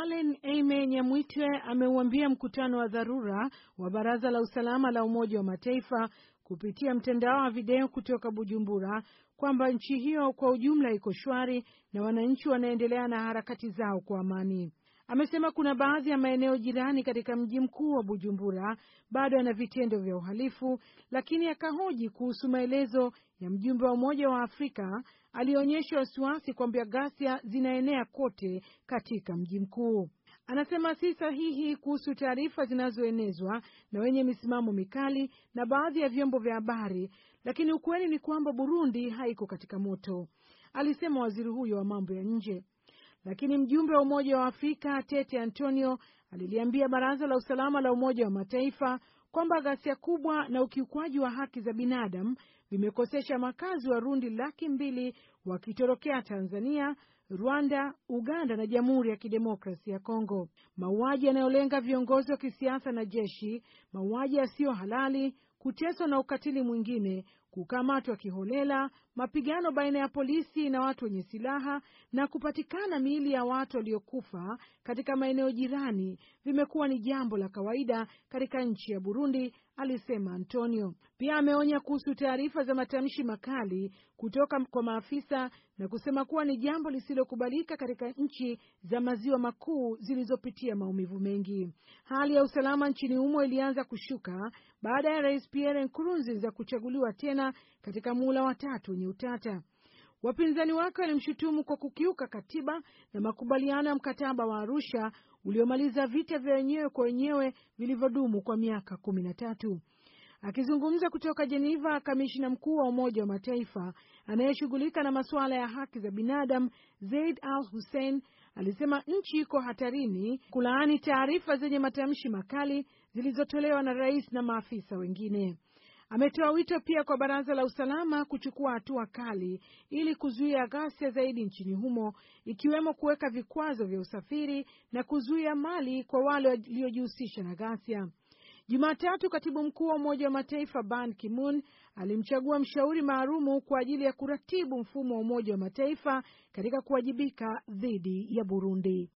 Allen Aime Nyamwitwe ameuambia mkutano wa dharura wa Baraza la Usalama la Umoja wa Mataifa kupitia mtandao wa video kutoka Bujumbura kwamba nchi hiyo kwa ujumla iko shwari na wananchi wanaendelea na harakati zao kwa amani. Amesema kuna baadhi ya maeneo jirani katika mji mkuu wa Bujumbura bado yana vitendo vya uhalifu, lakini akahoji kuhusu maelezo ya mjumbe wa Umoja wa Afrika aliyeonyesha wasiwasi kwamba ghasia zinaenea kote katika mji mkuu. Anasema si sahihi kuhusu taarifa zinazoenezwa na wenye misimamo mikali na baadhi ya vyombo vya habari, lakini ukweli ni kwamba Burundi haiko katika moto, alisema waziri huyo wa mambo ya nje. Lakini mjumbe wa Umoja wa Afrika Tete Antonio aliliambia Baraza la Usalama la Umoja wa Mataifa kwamba ghasia kubwa na ukiukwaji wa haki za binadamu vimekosesha makazi Warundi laki mbili wakitorokea Tanzania, Rwanda, Uganda na Jamhuri ya Kidemokrasi ya Kongo. Mauaji yanayolenga viongozi wa kisiasa na jeshi, mauaji yasiyo halali, kuteswa na ukatili mwingine, kukamatwa kiholela, mapigano baina ya polisi na watu wenye silaha na kupatikana miili ya watu waliokufa katika maeneo jirani vimekuwa ni jambo la kawaida katika nchi ya Burundi, alisema Antonio. Pia ameonya kuhusu taarifa za matamshi makali kutoka kwa maafisa na kusema kuwa ni jambo lisilokubalika katika nchi za maziwa makuu zilizopitia maumivu mengi. Hali ya usalama nchini humo ilianza kushuka baada ya Rais Pierre Nkurunziza kuchaguliwa tena katika muhula wa tatu wenye utata. Wapinzani wake walimshutumu kwa kukiuka katiba na makubaliano ya mkataba wa Arusha uliomaliza vita vya wenyewe kwa wenyewe vilivyodumu kwa miaka kumi na tatu. Akizungumza kutoka Jeneva, kamishina mkuu wa Umoja wa Mataifa anayeshughulika na masuala ya haki za binadamu Zaid Al Hussein alisema nchi iko hatarini, kulaani taarifa zenye matamshi makali zilizotolewa na rais na maafisa wengine. Ametoa wito pia kwa baraza la usalama kuchukua hatua kali ili kuzuia ghasia zaidi nchini humo, ikiwemo kuweka vikwazo vya usafiri na kuzuia mali kwa wale waliojihusisha na ghasia. Jumatatu, katibu mkuu wa Umoja wa Mataifa Ban Ki-moon alimchagua mshauri maalumu kwa ajili ya kuratibu mfumo wa Umoja wa Mataifa katika kuwajibika dhidi ya Burundi.